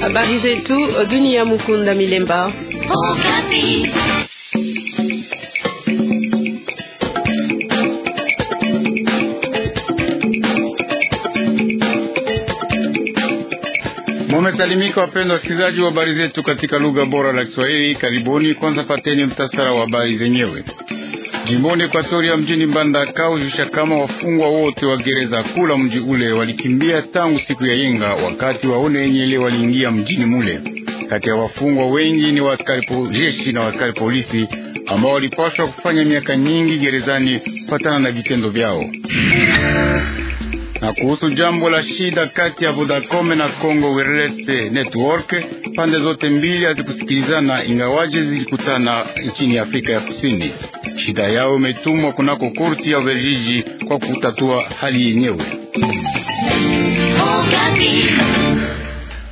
Habari zetu dunia. Mukunda Milemba. Okapi. Mumesalimika wapendwa wasikilizaji wa habari zetu katika lugha bora la Kiswahili. Karibuni. Kwanza pateni mtasara wa habari zenyewe. Jimboni Ekwatoria mjini Mbandaka hujulisha kama wafungwa wote wa gereza kula mji ule walikimbia tangu siku ya yenga, wakati waone enyele waliingia mjini mule. Kati ya wafungwa wengi ni waaskari jeshi na waaskari polisi ambao walipashwa kufanya miaka nyingi gerezani kufatana na vitendo vyao. Na kuhusu jambo la shida kati ya Vodacom na Congo Wireless Network, pande zote mbili hazikusikilizana, ingawaje zilikutana nchini Afrika ya Kusini. Shida yao imetumwa kunako korti ya Ubelgiji kwa kutatua hali yenyewe.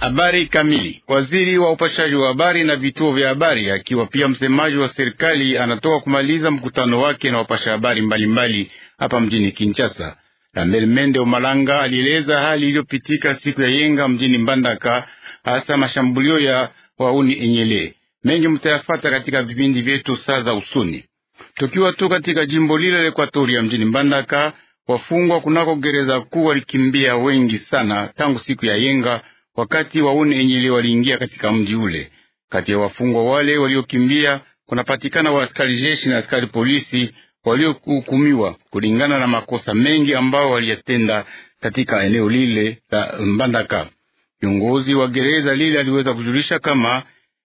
Habari kamili. Waziri wa upashaji wa habari na vituo vya habari akiwa pia msemaji wa serikali anatoka kumaliza mkutano wake na wapasha habari mbalimbali hapa mjini Kinshasa. Melmende Omalanga alieleza hali iliyopitika siku ya yenga mjini Mbandaka, hasa mashambulio ya wauni enyele. Mengi mutayafata katika vipindi vyetu saa za usoni. Tukiwa tu katika jimbo lile la Ekwatoria mjini Mbandaka, wafungwa kunako gereza kuu walikimbia wengi sana tangu siku ya yenga, wakati wauni enyele waliingia katika mji ule. Kati ya wafungwa wale waliokimbia kunapatikana wa askari jeshi na askari polisi waliohukumiwa kulingana na makosa mengi ambao waliyatenda katika eneo lile la Mbandaka. Kiongozi wa gereza lile aliweza kujulisha kama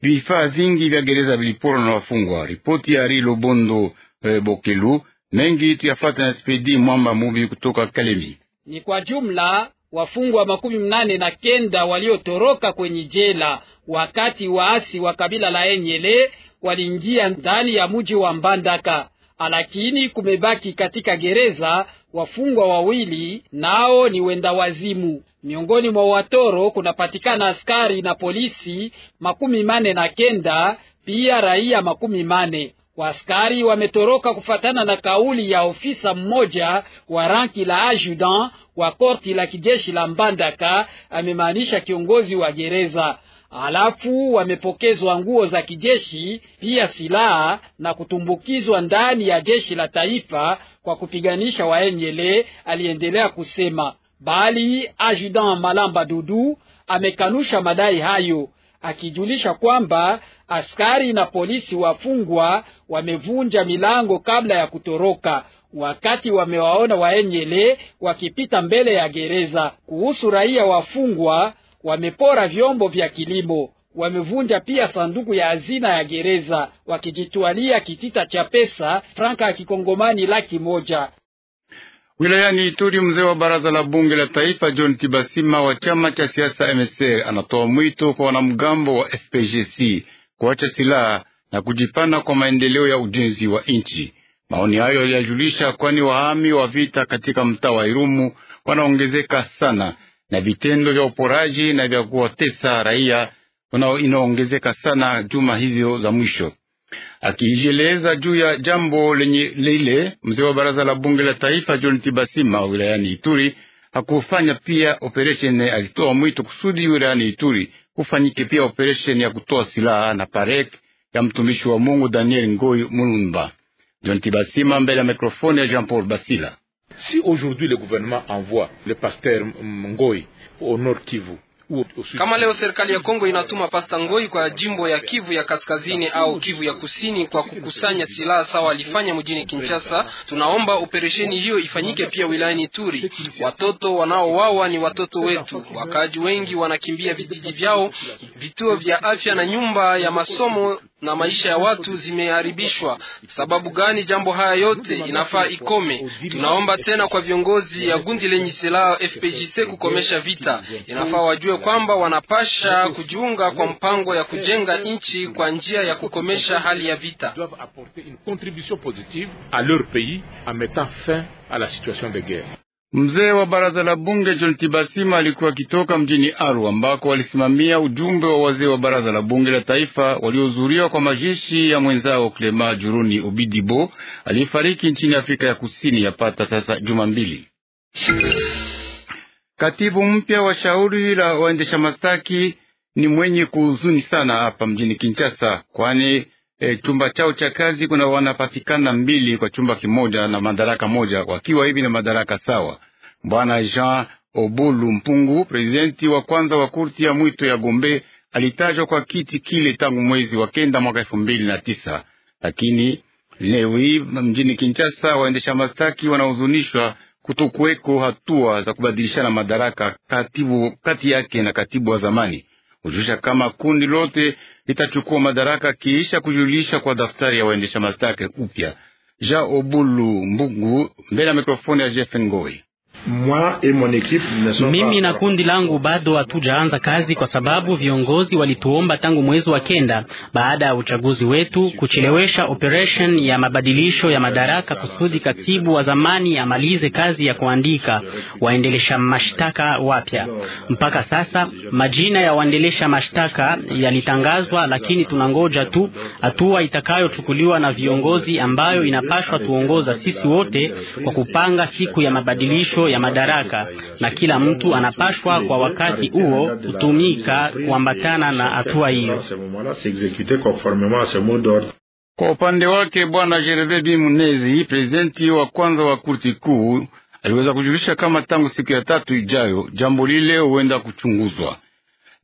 vifaa vingi vya gereza vilipora na wafungwa. Ripoti ya Rilo Bondo eh, Bokelu mengi tuyafata na Spedi Mwamba Mubi kutoka Kalemi. Ni kwa jumla wafungwa makumi mnane na kenda waliotoroka kwenye jela wakati waasi wa kabila la Enyele waliingia ndani ya mji wa Mbandaka lakini kumebaki katika gereza wafungwa wawili, nao ni wenda wazimu. Miongoni mwa watoro kunapatikana askari na polisi makumi mane na kenda pia raia makumi mane. Waskari wametoroka kufatana na kauli ya ofisa mmoja wa ranki la ajudan wa korti la kijeshi la Mbandaka, amemaanisha kiongozi wa gereza alafu wamepokezwa nguo za kijeshi pia silaha na kutumbukizwa ndani ya jeshi la taifa kwa kupiganisha waenyele, aliendelea kusema. Bali Ajudan Malamba Dudu amekanusha madai hayo akijulisha kwamba askari na polisi wafungwa wamevunja milango kabla ya kutoroka wakati wamewaona waenyele wakipita mbele ya gereza. Kuhusu raia wafungwa Wamepora vyombo vya kilimo, wamevunja pia sanduku ya hazina ya gereza, wakijitwalia kitita cha pesa franka ya kikongomani laki moja. Wilayani Ituri, mzee wa baraza la bunge la taifa John Tibasima wa chama cha siasa MSR anatoa mwito kwa wanamgambo wa FPGC kuacha silaha na kujipana kwa maendeleo ya ujenzi wa nchi. Maoni hayo yajulisha kwani wahami wa vita katika mtaa wa Irumu wanaongezeka sana na vitendo vya uporaji na vya kuwatesa raia inaongezeka sana juma hizo za mwisho. Akijieleza juu ya jambo lenye lile, mzee wa baraza la bunge la taifa John Tibasima wilayani Ituri hakufanya pia operation. Alitoa mwito kusudi wilayani Ituri kufanyike pia operation ya kutoa silaha na parek ya mtumishi wa Mungu Daniel Ngoi Mulumba. John Tibasima mbele ya mikrofoni ya Jean Paul Basila. Si aujourd'hui le gouvernement envoie le pasteur Ngoi au Nord Kivu kama leo serikali ya Kongo inatuma Pasta Ngoi kwa jimbo ya Kivu ya kaskazini au Kivu ya kusini kwa kukusanya silaha sawa alifanya mjini Kinshasa. Tunaomba operesheni hiyo ifanyike pia wilayani turi Watoto wanaowawa ni watoto wetu, wakaaji wengi wanakimbia vijiji vyao, vituo vya afya na nyumba ya masomo na maisha ya watu zimeharibishwa. Sababu gani jambo haya yote inafaa ikome? Tunaomba tena kwa viongozi ya gundi lenye silaha fpgc kukomesha vita. Inafaa wajue kwamba wanapasha kujiunga kwa mpango ya kujenga nchi kwa njia ya kukomesha hali ya vita. leur pays en mettant fin à la situation de guerre. Mzee wa baraza la bunge John Tibasima alikuwa akitoka mjini Aru ambako alisimamia ujumbe wa wazee wa baraza la bunge la taifa waliohudhuria kwa majishi ya mwenzao Klema Juruni Obidibo aliyefariki nchini Afrika ya Kusini yapata sasa juma mbili. Katibu mpya wa shauri la waendesha mastaki ni mwenye kuhuzuni sana hapa mjini Kinshasa, kwani e, chumba chao cha kazi kuna wanapatikana mbili kwa chumba kimoja na madaraka moja, wakiwa hivi na madaraka sawa. Bwana Jean Obulu Mpungu, prezidenti wa kwanza wa kurti ya mwito ya Gombe, alitajwa kwa kiti kile tangu mwezi wa kenda mwaka elfu mbili na tisa, lakini leo hii mjini Kinshasa waendesha mashtaki wanahuzunishwa kutokuweko hatua za kubadilishana madaraka katibu, kati yake na katibu wa zamani kujulisha kama kundi lote litachukua madaraka kiisha kujulisha kwa daftari ya waendesha mashtaki upya. Ja Obulu Mbungu mbele ya mikrofoni ya Jeff Ngoi. Mimi na kundi langu bado hatujaanza kazi kwa sababu viongozi walituomba tangu mwezi wa kenda baada ya uchaguzi wetu kuchelewesha operation ya mabadilisho ya madaraka kusudi katibu wa zamani amalize kazi ya kuandika waendelesha mashtaka wapya. Mpaka sasa majina ya waendelesha mashtaka yalitangazwa, lakini tunangoja tu hatua itakayochukuliwa na viongozi ambayo inapashwa tuongoza sisi wote kwa kupanga siku ya mabadilisho ya ya madaraka, na kila mtu anapashwa kwa wakati huo kutumika kuambatana na hatua hiyo. Kwa upande wake Bwana Gervais Bimunezi, prezidenti wa kwanza wa kurti kuu, aliweza kujulisha kama tangu siku ya tatu ijayo jambo lile huenda kuchunguzwa.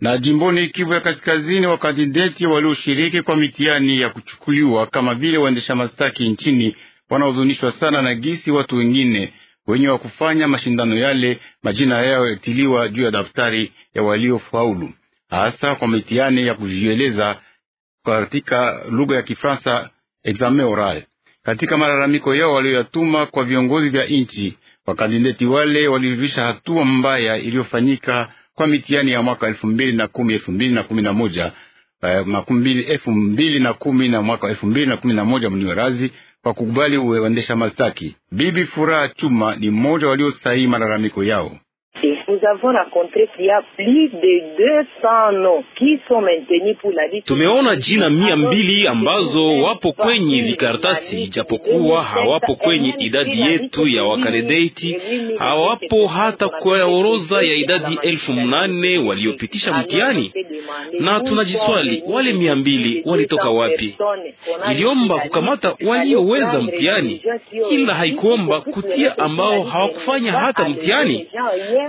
Na jimboni Kivu ya Kaskazini, wakandideti walioshiriki kwa mitihani ya kuchukuliwa kama vile waendesha mastaki nchini wanahuzunishwa sana na gisi watu wengine wenye wa kufanya mashindano yale, majina yao yatiliwa juu ya daftari ya waliofaulu, hasa kwa mitihani ya kujieleza katika lugha ya Kifaransa, examen oral. Katika malalamiko yao walioyatuma kwa viongozi vya nchi, wakandideti wale walijulisha hatua mbaya iliyofanyika kwa mitihani ya mwaka elfu mbili na kumi elfu mbili na kumi na moja eh, elfu mbili na kumi na mwaka elfu mbili na kumi na moja mniwerazi kwa kukubali uendesha mastaki Bibi Furaha Chuma ni mmoja waliosahii malalamiko yao. Nous avons rencontré qu'il y a plus de 200 noms qui sont maintenus pour la liste. Tumeona jina mia mbili ambazo wapo kwenye vikaratasi, japokuwa hawapo kwenye idadi yetu ya wakandidaiti, hawapo hata kwa orodha ya idadi elfu mnane waliopitisha mtihani. Na tunajiswali wale mia mbili walitoka wapi? Iliomba kukamata walioweza mtihani, ila haikuomba kutia ambao hawakufanya hata mtihani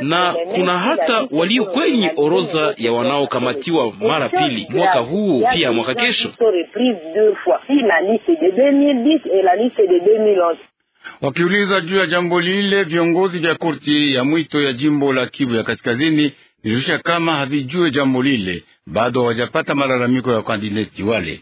na kuna hata walio kwenye oroza ya wanaokamatiwa mara pili mwaka huu pia mwaka kesho. Wakiuliza juu ya jambo lile, viongozi vya korti ya mwito ya jimbo la Kivu ya kaskazini vilijulisha kama havijue jambo lile, bado hawajapata malalamiko ya kandideti wale.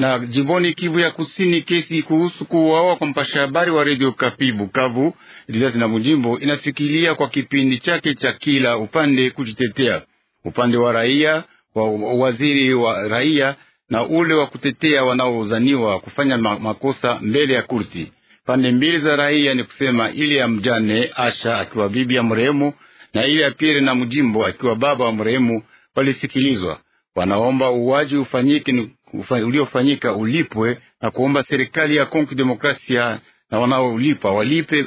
Na jimboni Kivu ya Kusini, kesi kuhusu kuuawa kwa mpasha habari wa redio Kapi Bukavu Lizazi na Mujimbo inafikilia kwa kipindi chake cha kila upande kujitetea, upande wa raia wa waziri wa raia na ule wa kutetea wanaozaniwa kufanya makosa mbele ya kurti. Pande mbili za raia ni kusema ile ya mjane Asha akiwa bibi ya mrehemu na ile ya Pierre na Mujimbo akiwa baba wa mrehemu walisikilizwa. Wanaomba uwaji ufanyike uliofanyika ulipwe na kuomba serikali ya Kongo Demokrasia na wanaolipa walipe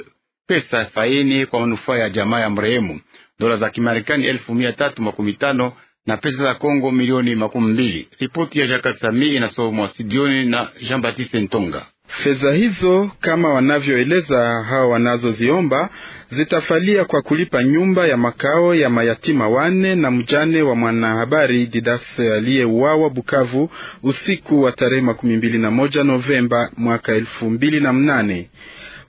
pesa faini kwa manufaa ya jamaa ya mrehemu dola za Kimarekani elfu mia tatu makumi tano na pesa za Kongo milioni makumi mbili. Ripoti ya jakasami Sami inasomwa Sidioni na Jean Batiste Ntonga. Fedha hizo kama wanavyoeleza hao wanazoziomba zitafalia kwa kulipa nyumba ya makao ya mayatima wane na mjane wa mwanahabari Didas aliyeuawa Bukavu usiku wa tarehe makumi mbili na moja Novemba mwaka elfu mbili na mnane.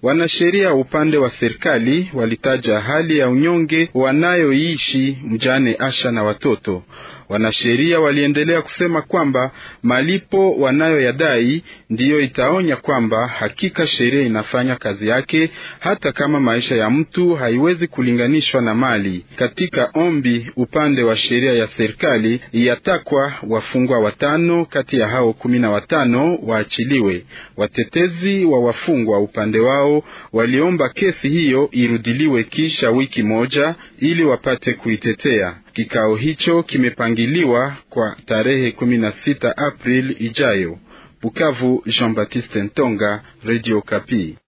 Wanasheria upande wa serikali walitaja hali ya unyonge wanayoishi mjane Asha na watoto Wanasheria waliendelea kusema kwamba malipo wanayoyadai ndiyo itaonya kwamba hakika sheria inafanya kazi yake, hata kama maisha ya mtu haiwezi kulinganishwa na mali. Katika ombi upande wa sheria ya serikali yatakwa wafungwa watano kati ya hao kumi na watano waachiliwe. Watetezi wa wafungwa upande wao waliomba kesi hiyo irudiliwe kisha wiki moja ili wapate kuitetea. Kikao hicho kimepangiliwa kwa tarehe 16 Aprili ijayo. Bukavu, Jean-Baptiste Ntonga, Radio Kapi.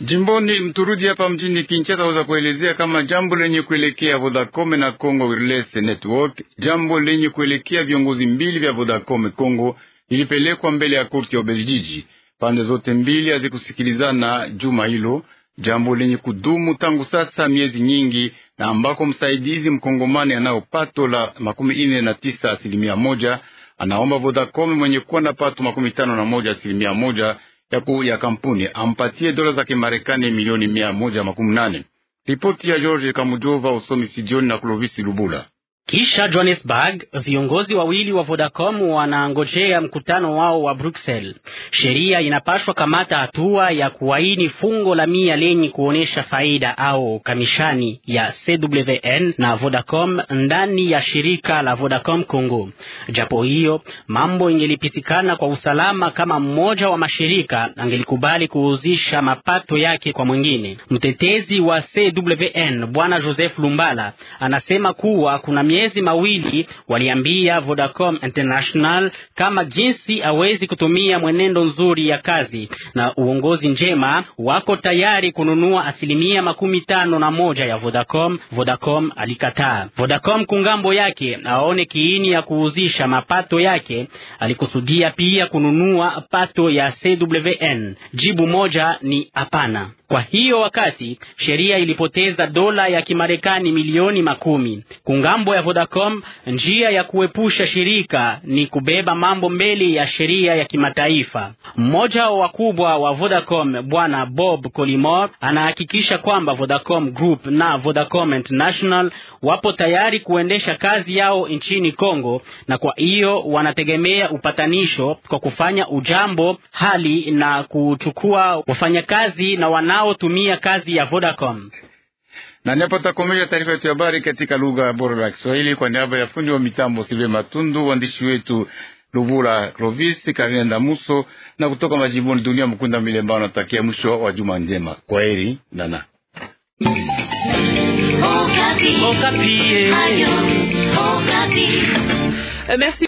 Jimboni mturudi hapa mjini Kinshasa waweza kuelezea kama jambo lenye kuelekea Vodacom na Congo Wireless Network, jambo lenye kuelekea viongozi mbili vya Vodacom Congo ilipelekwa mbele ya korti ya Ubeljiji. Pande zote mbili hazikusikilizana juma hilo jambo lenye kudumu tangu sasa miezi nyingi, na ambako msaidizi mkongomani anayo pato la makumi ine na tisa asilimia moja anaomba Vodacom mwenye kuwa na pato makumi tano na moja asilimia moja yaku ya kampuni ampatie dola za Kimarekani milioni mia moja makumi nane. Ripoti ya George Kamujova, usomi sijioni na Clovis Lubula. Kisha Johannesburg, viongozi wawili wa Vodacom wanangojea mkutano wao wa Bruxelles. Sheria inapashwa kamata hatua ya kuwaini fungo la mia lenye kuonesha faida au kamishani ya CWN na Vodacom ndani ya shirika la Vodacom Congo. Japo hiyo mambo ingelipitikana kwa usalama kama mmoja wa mashirika angelikubali kuuzisha mapato yake kwa mwingine. Mtetezi wa CWN Bwana Joseph Lumbala anasema kuwa kuna miezi mawili waliambia Vodacom International kama jinsi awezi kutumia mwenendo nzuri ya kazi na uongozi njema, wako tayari kununua asilimia makumi tano na moja ya Vodacom. Vodacom alikataa. Vodacom kungambo yake aone kiini ya kuuzisha mapato yake, alikusudia pia kununua pato ya CWN. Jibu moja ni hapana. Kwa hiyo wakati sheria ilipoteza dola ya Kimarekani milioni makumi kungambo ya Vodacom, njia ya kuepusha shirika ni kubeba mambo mbele ya sheria ya kimataifa. Mmoja wa wakubwa wa Vodacom Bwana Bob Colimore anahakikisha kwamba Vodacom Group na Vodacom International wapo tayari kuendesha kazi yao nchini Kongo, na kwa hiyo wanategemea upatanisho kwa kufanya ujambo hali na kuchukua wafanyakazi na wanaotumia kazi ya Vodacom na niapo takomesha taarifa yetu ya habari katika lugha bora la Kiswahili kwa niaba ya fundi wa mitambo sive Matundu, waandishi wetu lubula Clovis Karine Ndamuso na kutoka majimboni Dunia Mkunda Milemba, natakia mwisho wa juma njema. Kwa heri nana Okapi. Oh, Okapi. Oh, Okapi.